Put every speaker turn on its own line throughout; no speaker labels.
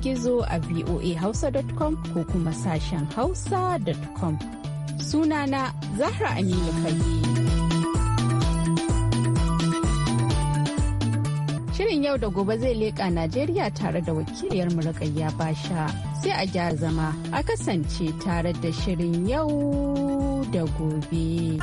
gizo a voahausa.com ko kuma sashen hausa.com. Sunana Zahra Aminu kai. Shirin yau da gobe zai leƙa Najeriya tare da wakiliyar ya Basha sai a gyara zama a kasance tare da shirin yau da gobe.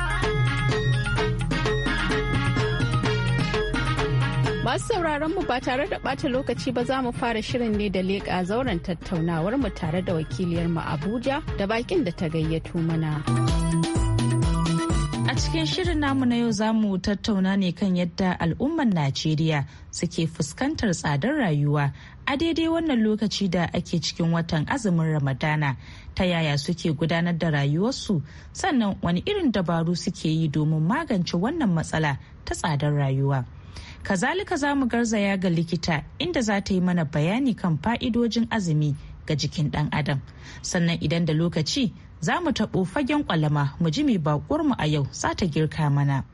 Masu sauraron mu ba tare da ɓata lokaci ba za mu fara shirin ne da leƙa zauren tattaunawar mu tare da wakiliyar mu Abuja da bakin da ta gayyato mana.
A cikin shirin namu na yau za mu tattauna ne kan yadda al'ummar Najeriya suke fuskantar tsadar rayuwa a daidai wannan lokaci da ake cikin watan azumin Ramadana ta yaya suke gudanar da rayuwarsu sannan wani irin dabaru suke yi domin magance wannan matsala ta tsadar rayuwa. Kazalika za mu garzaya ga likita inda za ta yi mana bayani kan fa'idojin azumi ga jikin ɗan adam. Sannan idan da lokaci za mu taɓo fagen kwalama mu ji mai baƙuwar mu a yau za ta girka mana.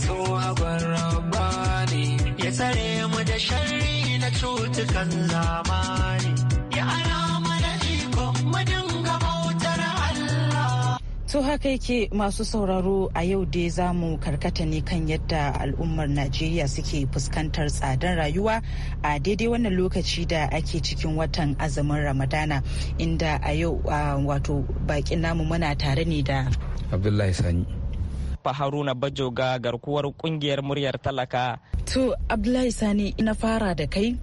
tsuwa ne ya tsare mu da shari na cutukan zamani ya alama na iko mu
To haka yake masu sauraro a yau dai za mu karkata ne kan yadda al'ummar Najeriya suke fuskantar tsadar rayuwa a daidai wannan lokaci da ake cikin watan azumin Ramadana inda a yau wato bakin namu muna tare ne da
Abdullahi Sani.
fa Haruna Bajoga garkuwar kungiyar muryar talaka.
To Abdullahi Sani na fara da kai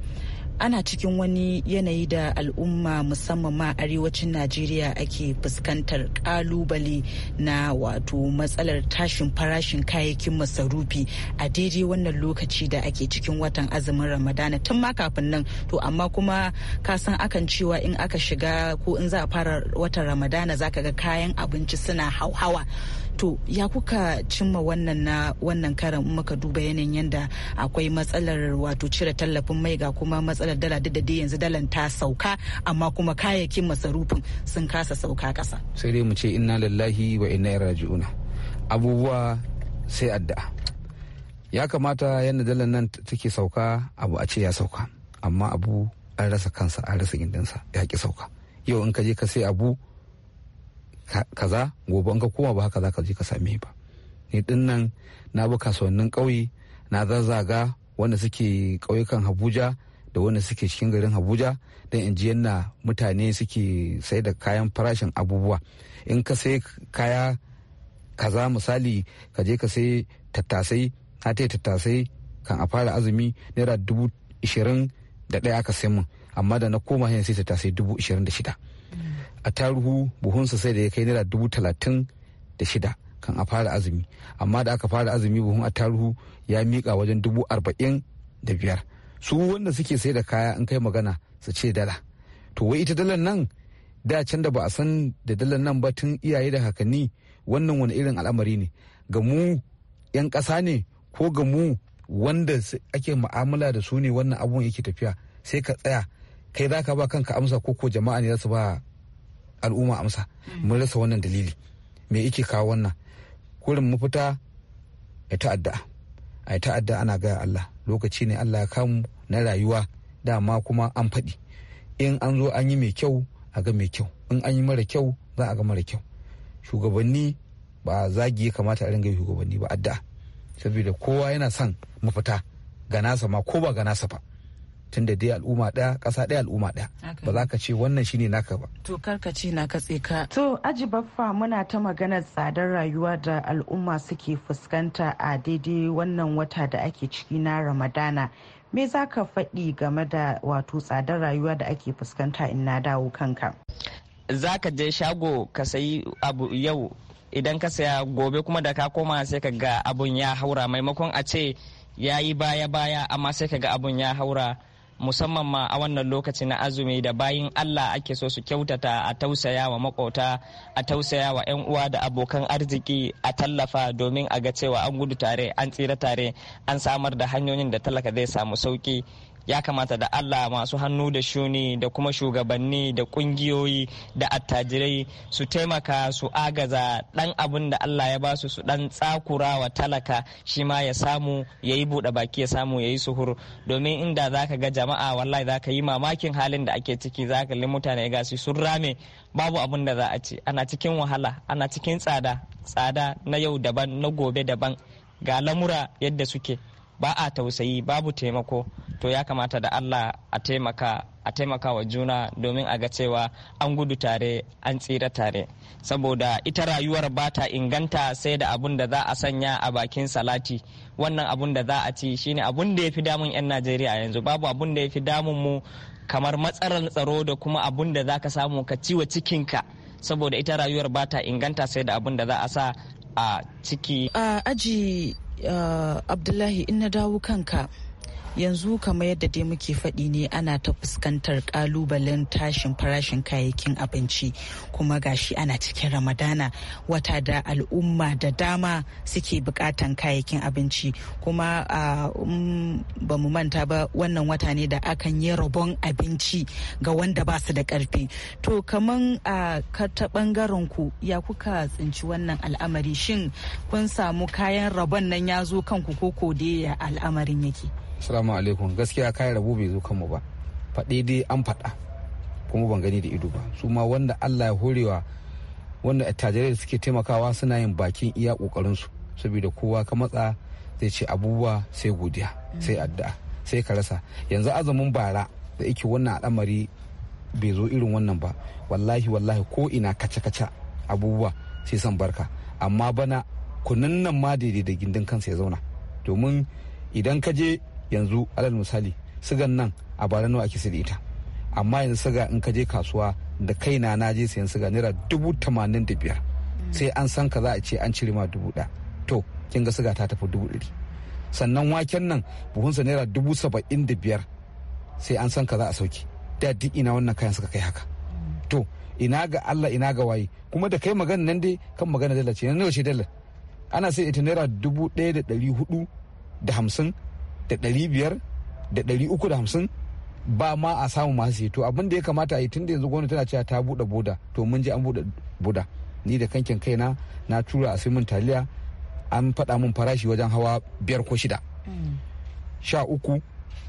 ana cikin wani yanayi da al'umma musamman ma arewacin najeriya ake fuskantar kalubale na wato matsalar tashin farashin kayayyakin masarufi a daidai wannan lokaci da ake cikin watan azumin ramadana tun ma kafin nan to amma kuma ka san akan cewa in aka shiga ko in za a fara watan ramadana zaka ga kayan abinci suna hauhawa to ya kuka cimma wannan na wannan karan muka duba yanayin yanda akwai matsalar wato cire tallafin mai ga kuma matsalar dala duk da dai yanzu dalan ta sauka amma kuma kayayyakin masarufin sun kasa sauka kasa
sai dai mu ce inna lillahi wa inna ilaihi abubuwa sai addu'a ya kamata yadda dalan nan take sauka abu a ce ya sauka amma abu an rasa kansa an rasa gindinsa ya ki sauka yau in ka je ka sai abu kaza gobe in ka koma ba haka za ka je ka same ba ni din nan na bi kasuwannin ƙauye na zazzaga wanda suke ƙauyukan habuja da wanda suke cikin garin habuja don in ji yana mutane suke sai da kayan farashin abubuwa in ka sai kaya kaza misali ka je ka sai tattasai na ta tattasai kan a fara azumi naira dubu ishirin da ɗaya aka sai mun amma da na koma sai tattasai dubu ishirin da shida a taruhu buhunsa sai da ya kai naira dubu talatin da shida kan a fara azumi amma da aka fara azumi buhun a taruhu ya miƙa wajen dubu arba'in da biyar su wanda suke sai da kaya in kai magana su ce dala to wai ita dalar nan da can da ba a san da dalar nan ba tun iyaye da hakanni wannan wani irin al'amari ne ga mu 'yan ƙasa ne ko ga mu wanda ake mu'amala da su ne wannan abun yake tafiya sai ka tsaya kai za ka ba kanka amsa ko ko jama'a ne za su ba al'umma amsa mun rasa wannan dalili me yake kawo wannan kurin mafita ya ta'adda a yi ta'adda ana gaya Allah lokaci ne Allah ya kamu na rayuwa dama kuma an faɗi in an zo an yi mai kyau a ga mai kyau in an yi mara kyau za a ga mara kyau shugabanni ba zagi ya kamata a ringa shugabanni ba addu'a saboda kowa yana son mafita ga nasa ma ko ba ga nasa ba tun da dai al'umma ɗaya ƙasa ɗaya al'umma ɗaya ba za ka ce wannan shine naka ba
to karka ce na katse ka to aji baffa muna ta maganar tsadar rayuwa da al'umma suke fuskanta a daidai wannan wata da ake ciki na ramadana me za ka faɗi game da wato tsadar rayuwa da ake fuskanta in na dawo kanka
za ka je shago ka sayi abu yau idan ka saya gobe kuma da ka koma sai ka ga abun ya haura maimakon a ce ya yi baya-baya amma sai ka ga abun ya haura musamman ma a wannan lokaci na azumi da bayin Allah ake so su kyautata a tausaya wa makota a tausaya wa 'yan uwa da abokan arziki a tallafa domin a ga cewa an gudu tare an tsira tare an samar da hanyoyin da talaka zai samu sauki ya kamata da allah masu hannu da shuni da kuma shugabanni da kungiyoyi da attajirai su taimaka su agaza dan abin da allah ya basu su dan tsakura wa talaka shi ma ya samu ya yi buɗe baki ya samu ya yi suhur domin inda za ka ga jama'a wallahi za ka yi mamakin halin da ake ciki za ka li mutane ga su sun rame babu abun da za a ci ana cikin wahala ana cikin tsada tsada na yau daban na gobe daban ga lamura yadda suke ba a tausayi babu taimako to ya kamata da allah a taimaka a taimaka wa juna domin a ga cewa an gudu tare an tsira tare saboda ita rayuwar ba ta inganta sai da abun da za a sanya a bakin salati wannan abun da za a ci shine abun da ya fi damun 'yan najeriya yanzu babu abun da ya fi damun mu kamar matsalar tsaro da kuma abun da za ka samu ka ciwa cikinka saboda ita rayuwar ba ta inganta sai da abun da za a sa a ciki. aji abdullahi in na dawo kanka
yanzu kamar yadda dai muke faɗi ne ana ta fuskantar kalubalen tashin farashin kayayyakin abinci kuma gashi ana cikin ramadana wata da al'umma da dama suke bukatan kayayyakin abinci kuma um, ba mu manta ba wannan wata ne da akan yi rabon abinci ga wanda ba su da karfi to kaman a ta bangaren ku ya kuka tsinci wannan al'amari shin kun samu kayan rabon nan ya zo kanku ko dai al'amarin yake
assalamu alaikum gaskiya kayan rabu bai zo kanmu ba faɗi dai an faɗa kuma ban gani da ido ba su ma wanda allah ya horewa wanda attajirai da suke taimakawa suna yin bakin iya ƙoƙarinsu saboda kowa ka matsa zai ce abubuwa sai godiya sai addu'a sai ka rasa yanzu azumin bara da yake wannan al'amari bai zo irin wannan ba wallahi wallahi ko ina kaca-kaca abubuwa sai san barka amma bana kunnan nan ma daidai da gindin kansa ya zauna domin idan ka je yanzu alal misali sigan nan a bara nawa ake da ita amma yanzu siga in ka je kasuwa da kaina na je sayan siga naira dubu tamanin da biyar sai an san ka za a ce an cire ma dubu ɗaya to kin ga siga ta tafi dubu ɗari sannan waken nan buhunsa naira dubu saba'in da biyar sai an san ka za a sauki da duk ina wannan kayan suka kai haka to ina ga Allah ina ga waye kuma da kai magana nan dai kan magana dala ce nan ce dala ana sai ita naira dubu ɗaya da ɗari hudu da hamsin da ɗari biyar da ɗari uku da hamsin ba ma a samu masu to abin da ya kamata a yi tun da yanzu gwamnati tana cewa ta buɗe boda to mun je an buɗe boda ni da kankin kaina na tura a mun taliya an faɗa mun farashi wajen hawa biyar ko shida mm. sha uku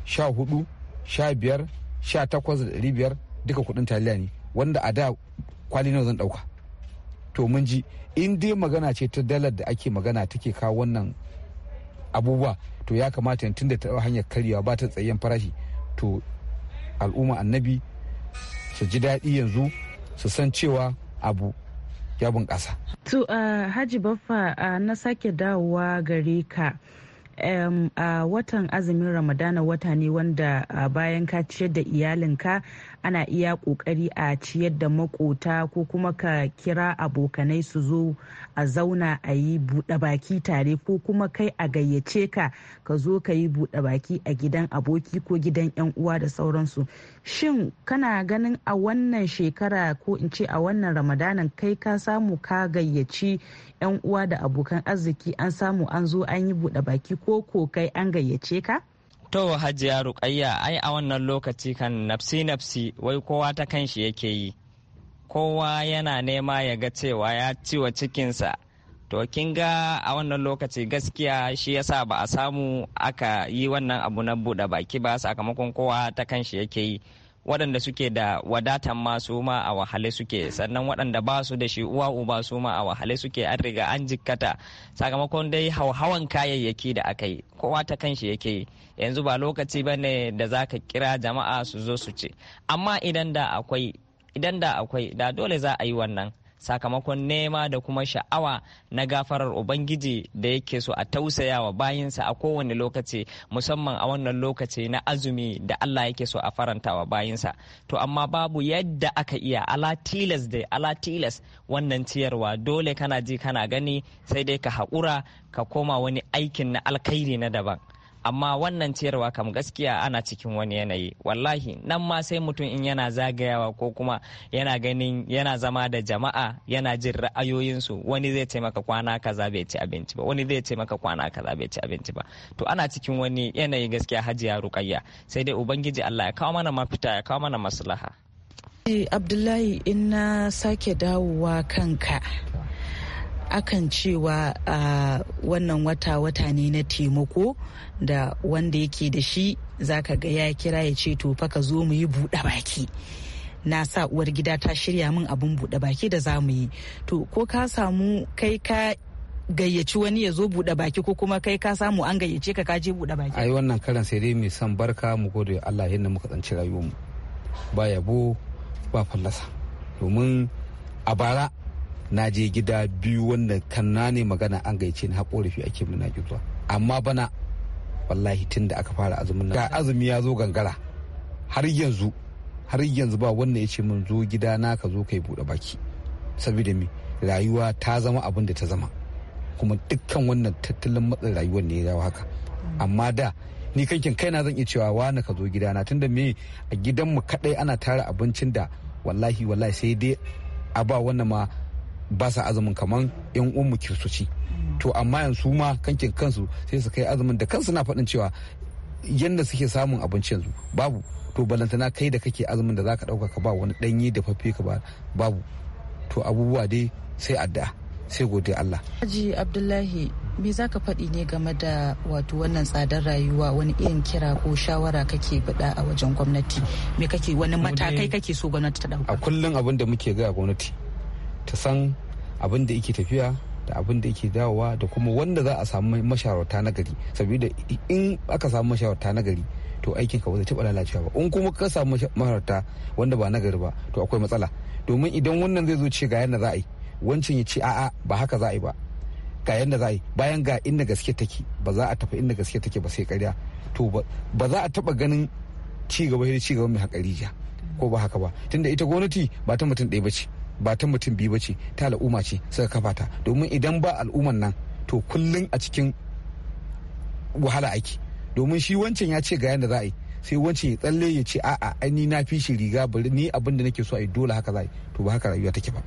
sha hudu sha biyar sha takwas da ɗari biyar duka kuɗin taliya ne wanda a da kwali nawa zan ɗauka to mun ji in dai magana ce ta dalar da ake magana take kawo wannan abubuwa to ya kamata tun da ta hanyar karyawa ba ta tsayen farashi to al'umma annabi su ji daɗi yanzu su san cewa abu ya bunƙasa.
To ah, Haji Baffa ah, na sake dawowa gare ka. a watan azumin ramadana wata ne wanda bayan ka ciyar da iyalinka ana iya kokari a ciyar da makota ko kuma ka kira abokanai su zo a zauna a yi buɗe baki tare ko kuma kai a gayyace ka ka zo ka yi buɗe baki a gidan aboki ko gidan 'yan uwa da sauransu shin kana ganin a wannan shekara ko in ce a wannan ramadanan kai ka samu ka gayyaci 'yan uwa da abokan arziki an samu an zo an yi buɗe baki ko ko ko kai an gayyace ka?
To hajiya rukayya ai a wannan lokaci kan nafsi nafsi wai kowa ta kan shi yake yi. Kowa yana nema ya ga cewa ya ciwa cikinsa. To kin ga a wannan lokaci gaskiya shi yasa ba a samu aka yi wannan abu na buɗe baki ba sakamakon kowa ta kan shi yake yi. waɗanda suke da wadatan ma su ma a wahale suke sannan waɗanda ba su da shi uwa uba su ma a wahale suke an riga an jikkata sakamakon dai hauhawan kayayyaki da aka yi kowa ta kanshi yake yi yanzu ba lokaci ba ne da za ka kira jama'a su zo su ce amma idan da akwai da dole za a yi wannan sakamakon nema da kuma sha'awa na gafarar ubangiji da yake so a tausaya wa bayinsa a kowane lokaci musamman a wannan lokaci na azumi da allah yake so a faranta wa bayinsa to amma babu yadda aka iya ala tilas da ala tilas wannan ciyarwa dole kana ji kana gani sai dai ka haƙura ka koma wani aikin na alkhairi na daban amma wannan ciyarwa kam gaskiya ana cikin wani yanayi wallahi nan ma sai mutum in yana zagayawa ko kuma yana ganin yana zama da jama'a yana jin ra'ayoyinsu wani zai ce maka kwana kaza bai ci abinci ba wani zai ce maka kwana kaza bai ci abinci ba to ana cikin wani yanayi gaskiya hajiya rukayya sai dai ubangiji Allah ya kawo mana mafita ya kawo mana maslaha
abdullahi in na sake dawowa kanka akan cewa uh, wannan wata wata ne na taimako da wanda yake da shi zaka ga ya kira ya ce to faka zo mu yi buɗe baki na sa uwar gida ta shirya min abun buɗe baki da za mu yi to ko ka samu kai ka gayyaci wani ya zo buɗe baki ko kuma kai ka samu an gayyace ka kaje buɗe baki
ai wannan karan sai dai mai son barka mu gode Allah yadda muka tsanci mu ba yabo ba fallasa domin a bara na je gida biyu wanda kan ne magana an gaice ni haƙorafi ake min na amma bana wallahi tun da aka fara azumin ga azumi ya zo gangara har yanzu har yanzu ba wannan ya ce min zo gida na ka zo kai buɗe baki saboda mi rayuwa ta zama abin da ta zama kuma dukkan wannan tattalin matsin rayuwar ne ya haka amma da ni kankin kaina zan iya cewa wani ka zo gidana tunda me a gidanmu kadai ana tara abincin da wallahi wallahi sai dai a ba wannan ma ba sa azumin kamar yan uwanmu kiristoci to amma yanzu ma kankin kansu sai su kai azumin da kansu na faɗin cewa yadda suke samun abinci yanzu babu to balantana kai da kake azumin da zaka ɗauka ka ba wani ɗanye da fafe ka ba babu to abubuwa dai sai addu'a sai gode Allah.
Haji Abdullahi me za ka faɗi ne game da wato wannan tsadar rayuwa wani irin kira ko shawara kake bada a wajen gwamnati
me kake wani matakai kake so gwamnati ta ɗauka. A kullum abin da muke ga gwamnati ta san abin da yake tafiya da abin da yake dawowa da kuma wanda za a samu masharauta na gari saboda in aka samu masharauta na gari to aikin ka ba zai taba lalacewa ba in kuma ka samu masharauta wanda ba na gari ba to akwai matsala domin idan wannan zai zo ce ga yadda za a yi wancan ya ce a'a ba haka za a yi ba ga yadda za a yi bayan ga inda gaske take ba za a tafi inda gaske take ba sai karya to ba za a taba ganin ci gaba da ci gaba mai hakari ja ko ba haka ba tunda ita gwamnati ba ta mutum ɗaya ba ce ba ta mutum biyu ba ce ta al'umma ce suka kafa ta domin idan ba al'umman nan to kullum a cikin wahala ake domin shi wancan ya ce ga yadda za a yi sai wancan ya tsalle ya ce a'a a ni na fi shi riga bari ni abin da nake so a yi dole haka za a yi to ba haka rayuwa take ba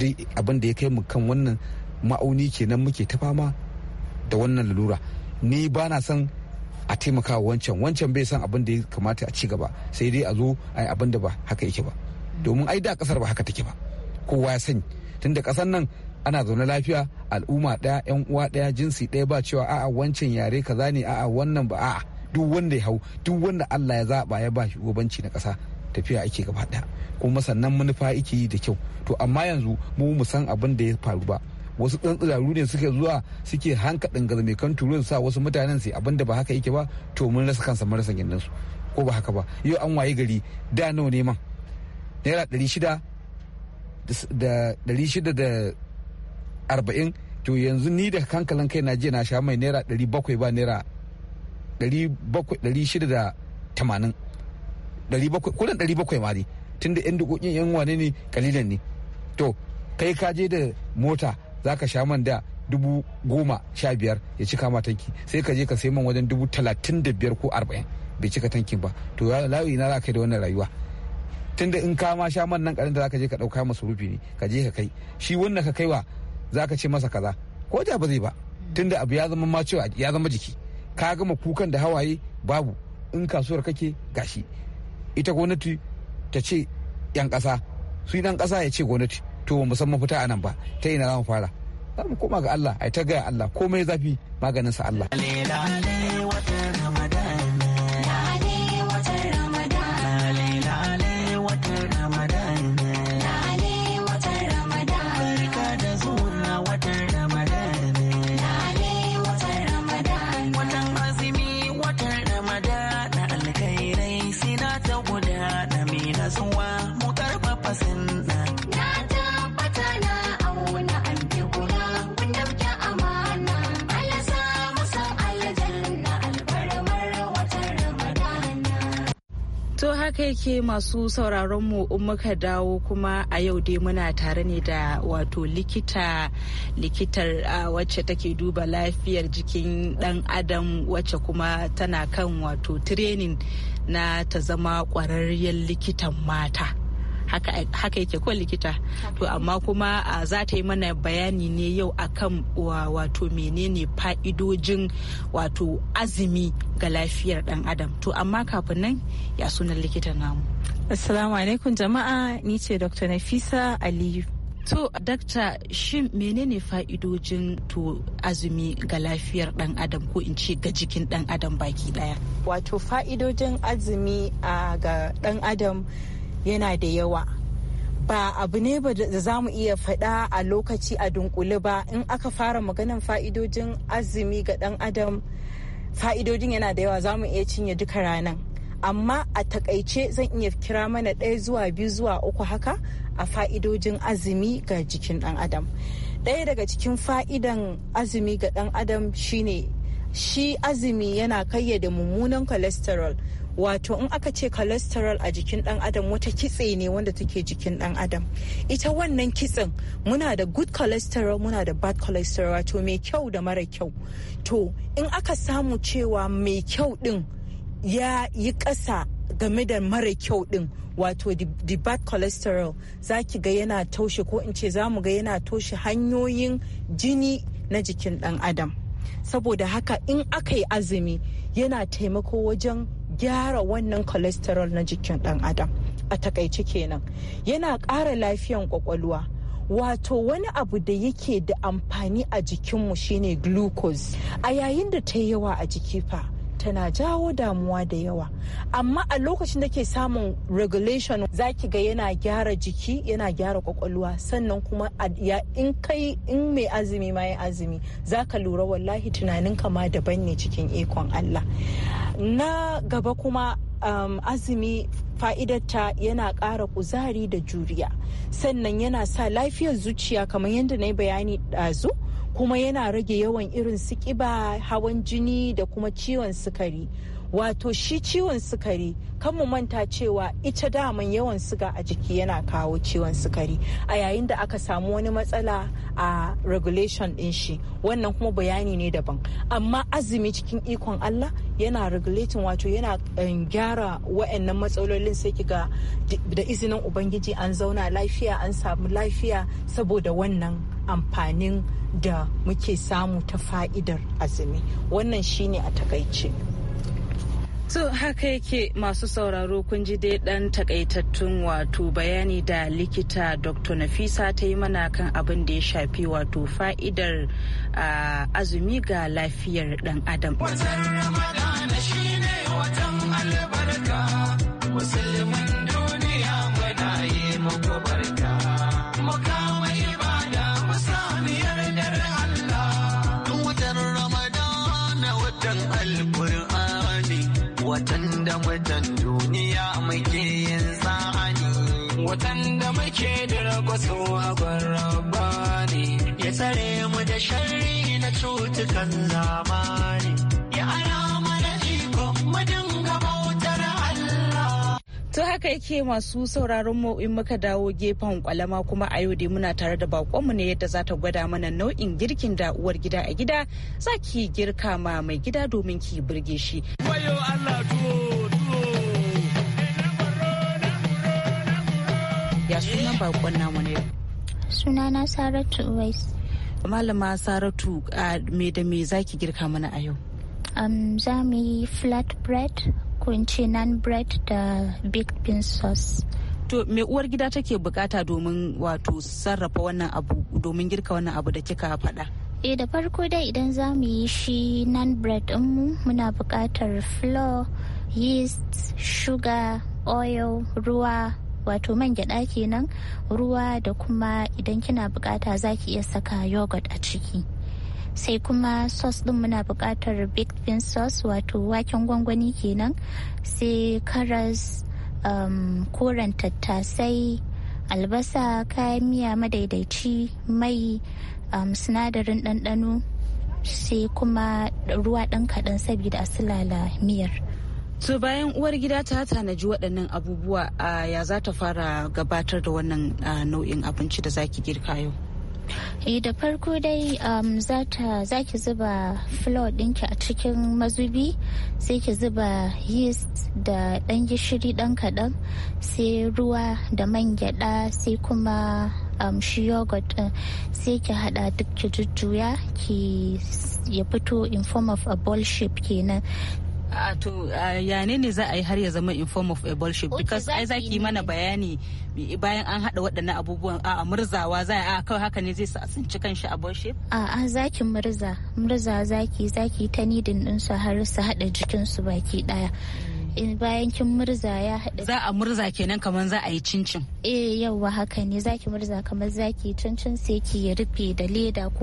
dai abin da ya kai mu kan wannan ma'auni kenan muke ta fama da wannan lalura ni ba na son a taimaka wancan wancan bai san abin da ya kamata a ci gaba sai dai a zo a yi abin da ba haka yake ba domin ai da kasar ba haka take ba kowa ya sani tunda kasan nan ana zaune lafiya al'umma ɗaya yan uwa ɗaya jinsi ɗaya ba cewa a'a wancan yare kaza ne a'a wannan ba a'a duk wanda ya hau duk wanda Allah ya zaba ya ba gobanci na ƙasa tafiya ake gaba ɗaya kuma sannan manufa ake yi da kyau to amma yanzu mu mu san abin da ya faru ba wasu tsantsiraru ne suke zuwa suke hankaɗin kan turu sa wasu mutanen su abin da ba haka yake ba to mun rasa kansa marasa gindinsu ko ba haka ba yau an waye gari da nawa neman naira ɗari shida da shida da arba'in to yanzu ni da hankalin kai na je na sha mai naira 700 bakwai ba naira 680 bakwai shida da tamanin bakwai kudin 700 bakwai ma ne da yan dukokin yan wane ne kalilan ne to kai ka je da mota za ka sha man da dubu goma sha biyar ya cika ma tanki sai ka je ka sai man wajen dubu talatin da biyar ko arba'in bai cika tankin ba to layi na za ka da wannan rayuwa tunda in ka ma sha man nan karin da zaka je ka dauka rufi ne ka je ka kai shi wannan ka kaiwa zaka ce masa kaza ko da ba zai ba tunda abu ya zama ma cewa ya zama jiki ka gama kukan da hawaye babu in kasuwar kake gashi ita gwamnati ta ce yan kasa su dan kasa ya ce gwamnati to ba musamman fita a nan ba ta ina za mu fara za mu koma ga Allah ai ta ga Allah komai zafi maganin sa Allah
kai ke masu sauraron mu in muka dawo kuma a yau dai muna tare ne da wato likita likitar wacce take duba lafiyar jikin dan adam wacce kuma tana kan wato training na ta zama kwararriyar likitan mata haka yake ko likita to amma kuma za ta yi mana bayani ne yau akan wato menene fa'idojin wato azumi ga lafiyar dan adam to amma kafin nan ya sunan likita namu assalamu alaikum jama'a ni ce dr nafisa aliyu To, dakta shin menene fa'idojin to azumi ga lafiyar dan adam ko in ce ga jikin dan adam baki daya? Wato fa'idojin
azumi a ga dan adam yana da yawa ba abu ne ba da za mu iya faɗa a lokaci a dunkule ba in aka fara maganan fa'idojin azumi ga ɗan adam fa'idojin yana da yawa za mu iya cinye duka ranan amma a takaice zan iya kira mana ɗaya zuwa biyu zuwa uku haka a fa'idojin azumi ga jikin ɗan adam ɗaya daga cikin fa'idan azumi ga ɗan adam shine shi azumi yana kayyade mummunan cholesterol wato in aka ce cholesterol a jikin dan adam wata kitse ne wanda take jikin dan adam ita wannan kitsen muna da good cholesterol muna da bad cholesterol wato mai kyau da mara kyau to in aka samu cewa mai kyau din ya yi ƙasa game da mara kyau din wato the bad cholesterol za ki ga yana taushe ko in ce za mu ga yana taushe hanyoyin jini na jikin dan adam saboda haka in aka yi azumi yana taimako wajen gyara wannan cholesterol na jikin ɗan adam a takaice kenan yana ƙara lafiyan kwakwalwa wato wani abu da yake da amfani a jikinmu shine glucose a yayin da ta yawa a jiki fa tana jawo damuwa da yawa amma a lokacin da ke samun regulation za ki ga yana gyara jiki yana gyara kwakwalwa sannan kuma in kai in mai azumi ma ya azumi za ka lura wallahi tunanin kama daban ne cikin ikon Allah na gaba kuma um, azumi fa'idarta yana ƙara kuzari da juriya sannan yana sa lafiyar zuciya kamar yadda na yi bayani ɗazu kuma yana rage yawan irin su ƙiba hawan jini da kuma ciwon sukari wato shi ciwon sukari kan mu manta cewa ita daman yawan suga a jiki yana kawo ciwon sukari a yayin da aka samu wani matsala a regulation din shi wannan kuma bayani ne daban amma azumi cikin ikon Allah yana regulating wato yana eh, gyara wa'annan matsalolin sai ga da izinin ubangiji an zauna lafiya an samu lafiya saboda wannan amfanin da muke samu ta fa'idar azumi wannan shine a takaice
To haka yake masu sauraro kun ji dai dan takaitattun wato bayani da likita Dr. Nafisa ta yi mana kan abin da ya shafi wato fa'idar azumi ga lafiyar dan adam. Watan
shaidar kwaso agon rabbani ya tsare mu da shari na
cutukan zamani
ya ara mana ikon madin Allah. To haka yake masu sauraron mu in muka dawo gefen kwalama kuma a yau dai muna tare da bakonmu ne yadda za ta gwada mana nau'in girkin da uwar gida a gida za ki girka ma mai gida domin ki burge shi.
Wayo Allah
ya sunan bakon namu ne sunana saratu uwais malama saratu me da me zaki girka mana a yau
um, za mu yi flat bread kunci nan bread da big bean sauce to
me uwar gida take bukata domin wato sarrafa wannan abu domin girka wannan abu da kika faɗa
e da farko dai idan za mu yi shi nan bread mu muna bukatar flour yeast sugar oil ruwa wato man gyada kenan ruwa da kuma idan kina bukata za ki iya saka yogurt a ciki sai kuma sauce din muna bukatar big bean sauce wato waken gwangwani kenan sai karas um, koren tattasai albasa kayan miya madaidaici mai um, sinadarin ɗanɗano sai kuma ruwa ɗan kaɗan saboda a sulala miyar
so bayan uwar gida ta tanaji waɗannan abubuwa ya za ta fara gabatar da wannan nau'in abinci da zaki girka yau
eh da farko dai um, za ki zuba flour ɗinki a cikin mazubi sai ki zuba yeast da ɗan gishiri ɗan kaɗan sai ruwa da man gyaɗa sai kuma um, shi yogurt sai ki haɗa duk ki jujjuya ki ya fito in form of a ball shape kenan
Ah, to ah, ya ne ne za a yi har ya zama form of a bullshit because ai za ki mana bayani bayan an hada waɗannan abubuwan a murzawa za a kawai haka ne zai sa tsinci kanshi a bullshit
a a zaki murza murza zaki zaki ta nidin din su har su hada jikin su baki daya in bayan kin murza ya hada.
za a murza kenan kamar za a yi cincin
eh yawa haka ne zaki murza kamar zaki cincin sai ki rufe da leda ko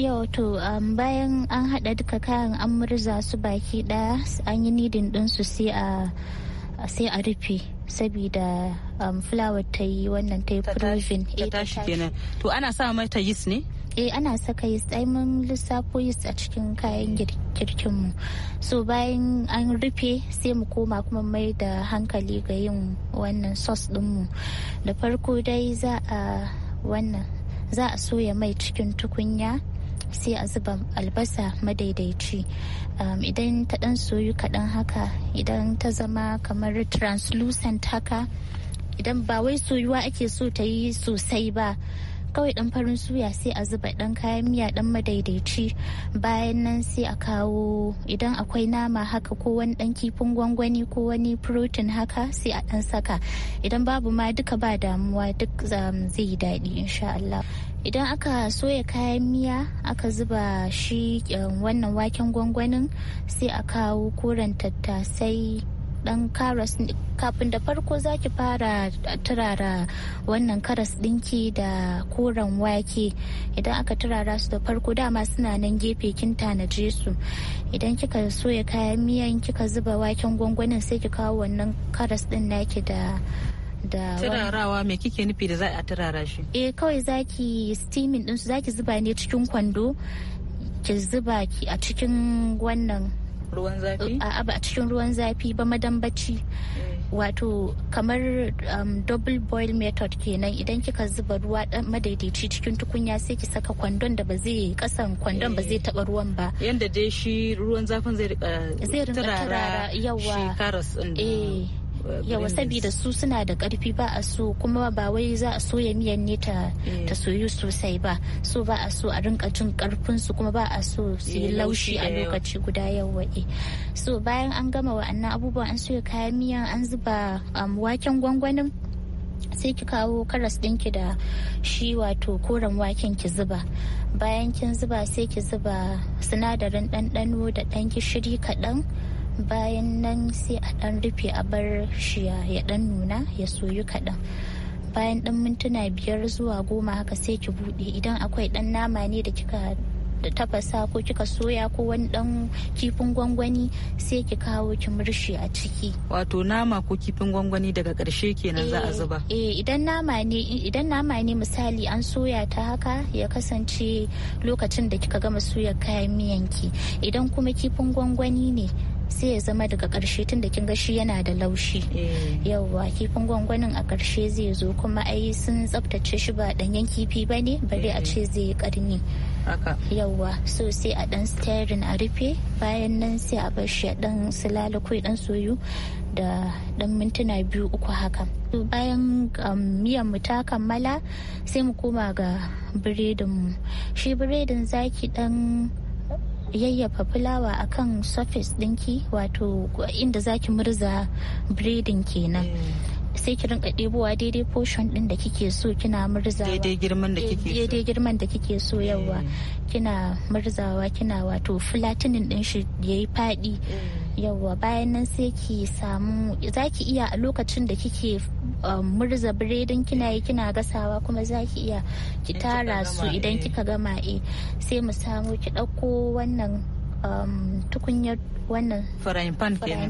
yau to um, bayan an haɗa duka kayan an murza su baki ɗaya an yi nidin ɗinsu sai a rufe saboda um, flower ta yi wannan ta yi
eh, to ana sa mata yis ne
eh ana saka yis ai mun lissafo yis a cikin kayan mm. girkin mu so bayan an rufe sai mu koma kuma mai da hankali ga yin wannan sauce din mu da farko dai za a wannan za a soya mai cikin tukunya sai a zuba albasa madaidaici um, idan ta dan soyu kaɗan haka idan ta zama kamar translucent haka idan ba wai soyuwa ake so ta yi sosai ba kawai dan farin suya sai a zuba dan kayan miya dan madaidaici bayan nan sai a kawo idan akwai nama haka ko wani dan kifin gwangwani ko wani protein haka sai a dan saka idan babu ma duka ba damuwa duk um, zai yi daɗi insha Allah idan aka soya kayan miya aka zuba shi eh, wannan waken gwangwanin sai a kawo koren tattasai dan karas kafin da farko zaki fara turara wannan karas dinki da koren wake idan aka turara su da farko dama suna nan gefe kin tanaje su idan kika soya kayan miyan kika zuba waken gwangwanin sai ki kawo wannan karas din naki da da turarawa
me kike nufi da za a turara shi
eh kawai zaki steaming din su zaki zuba ne cikin kwando ki zuba ki a cikin wannan ruwan zafi a a cikin ruwan zafi ba madambaci eh. wato kamar um, double boil method kenan idan kika zuba ruwa dan madaidaici cikin tukunya sai ki saka kwandon da ba zai kasan kwandon ba zai eh. taba ruwan ba
yanda dai shi ruwan zafin zai rika zai rika turara yawa shi karas din eh Uh, yawa saboda
su suna da karfi ba a so kuma ba wai za a soya miyan ne ta eh. soyu sosai ba so ba a so a rinka jin karfin su kuma ba a so su yi eh, laushi a lokaci guda yawa eh. so bayan an gama wa'annan abubuwan an soya kayan miyan an zuba um, waken gwangwanin sai ki kawo karas dinki da shi wato koren waken ki zuba bayan kin zuba sai ki zuba sinadarin ɗanɗano da ɗan gishiri kaɗan bayan nan sai a dan rufe a bar shi ya dan nuna ya soyu kaɗan bayan dan mintuna biyar zuwa goma haka sai ki buɗe idan akwai dan nama ne da kika da tafasa ko kika soya ko wani dan kifin gwangwani sai ki kawo ki murshi a ciki
wato nama ko kifin gwangwani daga karshe kenan za a eh, zuba
eh idan nama ne idan nama ne misali an soya ta haka ya kasance lokacin da kika gama soya kayan miyanki idan kuma kifin gwangwani ne sai ya zama daga karshe tun da kin ga shi yana da laushi eh. yawwa kifin gwangwanin a ƙarshe zai zo kuma ai sun tsaftace shi ba ɗanyen kifi ba ne bare a ce eh. zai karni yawwa so sai a ɗan sterin a rufe bayan nan sai a bar shi a ɗan sulala ko dan soyu da dan mintuna biyu uku haka bayan um, miyan mu ta kammala sai mu koma ga biredin mu shi biredin zaki ɗan. yayyafa fulawa akan surface dinki wato inda zaki murza biredin kenan eh. sai ki rinka ɗebowa daidai portion ɗin da kike so kina murzawa daidai girman da eh, kike so eh. yawa kina murzawa kina wato flattening din shi ya yi faɗi yawa bayan nan sai ki samu zaki iya a lokacin da kike Um, murza biredin kina yi kina gasawa kuma za ki iya ki tara su idan eh. kika gama e sai mu samu ki ɗauko wannan um, tukunyar wannan frying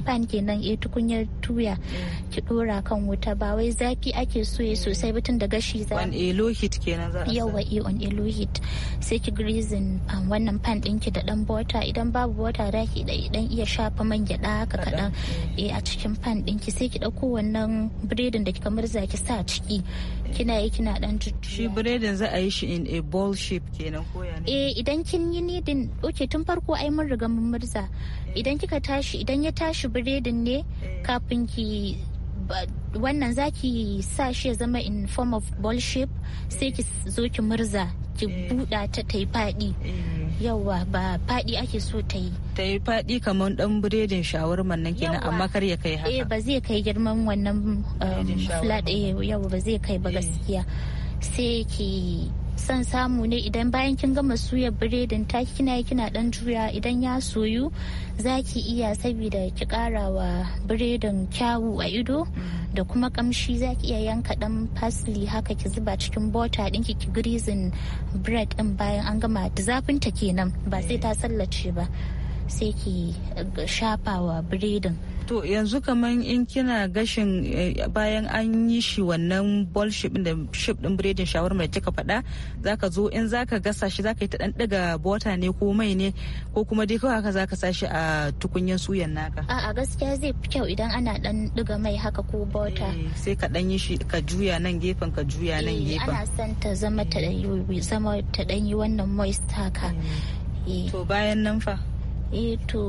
pan kenan eh tukunyar tuya mm. ki dora kan wuta ba wai zafi ake so ya sosai batun da gashi za on a heat kenan za yawa eh on a heat sai ki greasing um, wannan pan ki da dan bota idan babu bota da ki dan iya shafa man gyada haka kadan eh a cikin pan ki sai ki dauko wannan biredin da kika murza ki sa ciki kina yi kina dan shi
biredin za a yi shi in a ball shape kenan ko
ya ne eh idan kin yi din okay tun farko ai mun riga mun murza idan kika tashi idan ya tashi biredin ne eh. kafin ki wannan zaki sa shi ya zama in form of ball shape sai ki zo ki murza ki eh. buɗa ta ta yi faɗi eh. yawa ba faɗi ake so ta yi ta yi faɗi kamar
ɗan biredin shawarman nan kenan amma kar ya
kai haka eh ba zai kai girman wannan um, flat yawa ba zai kai ba gaskiya sai ki son samu ne idan bayan kin gama suya biredin ta kina kina dan juya idan ya soyu za ki iya saboda ki kara wa biredin kyawu a ido da kuma kamshi za ki iya yanka dan parsley haka ki zuba cikin bota dinki ki girizin bread din bayan an gama da zafinta kenan ba sai ta eh. sallace ba sai ki eh, shafawa biredin to yanzu
kamar in kina gashin eh, bayan an yi shi wannan ball ship da ship din biredin shawar da kika faɗa ka zo in zaka gasa shi zaka yi ta dan daga bota ne ko mai ne ko kuma dai kawai haka zaka sa shi a tukunyar suyan naka
a gaskiya zai fi kyau idan ana dan mai haka ko bota eh,
sai ka dan yi shi ka juya nan gefen ka juya nan gefen ana
son ta zama ta dan yi wannan moist haka mm. to bayan nan fa eh to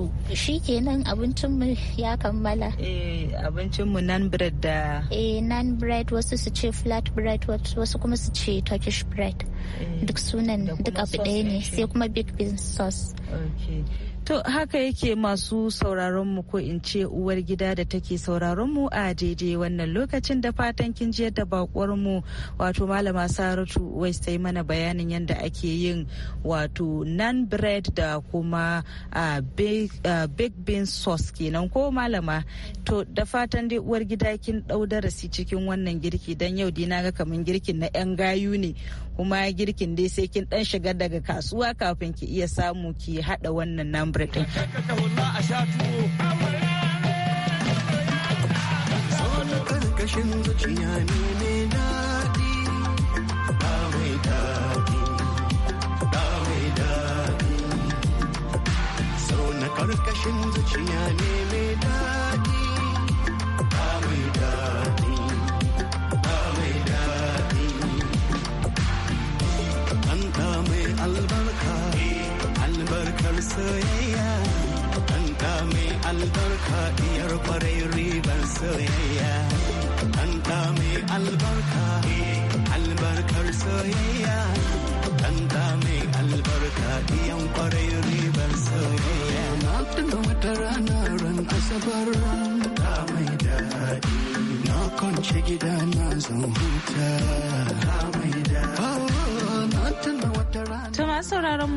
shi kenan abincinmu ya kammala eh abincinmu nan bread da eh nan bread wasu su ce flat bread wasu kuma su ce turkish bread eh, duk sunan duk abu ɗaya ne sai kuma big bean
sauce okay. To haka yake masu sauraron mu ko in ce uwar gida da take sauraron mu a daidai wannan lokacin da fatan kin ji yadda mu wato malama Saratu wai sai mana bayanin yadda ake yin wato nan bread da kuma a big, big bean sauce kenan ko malama. To da fatan dai uwar gida kin dau darasi cikin wannan girki dan yau dina ga kamar girkin na 'yan gayu ne kuma girkin dai sai kin dan shiga daga kasuwa kafin ki iya samu ki hada wannan number din
karkashin zuciya ne mai daɗi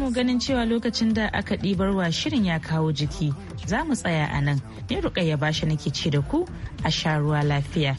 mu ganin cewa lokacin da aka ɗibarwa shirin ya kawo jiki za mu tsaya a nan ne ya bashi nake ce da ku a sha ruwa lafiya.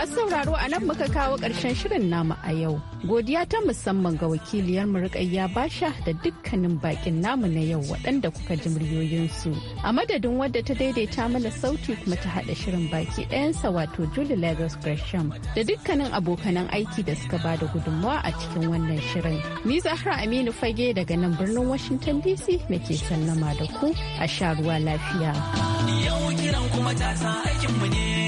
Masu sauraro a nan muka kawo ƙarshen shirin namu a yau. Godiya ta musamman ga wakiliyar murƙayya basha da dukkanin bakin namu na yau waɗanda kuka ji muryoyinsu. A madadin wadda ta daidaita mana sauti kuma ta haɗa shirin baki ɗayansa wato juli Lagos Gresham da dukkanin abokanan aiki da suka bada gudunmawa a cikin wannan shirin. Ni Zahra Aminu Fage daga nan birnin Washington DC ke sallama da ku a sha ruwa lafiya. Yau kiran kuma ta sa aikinmu ne.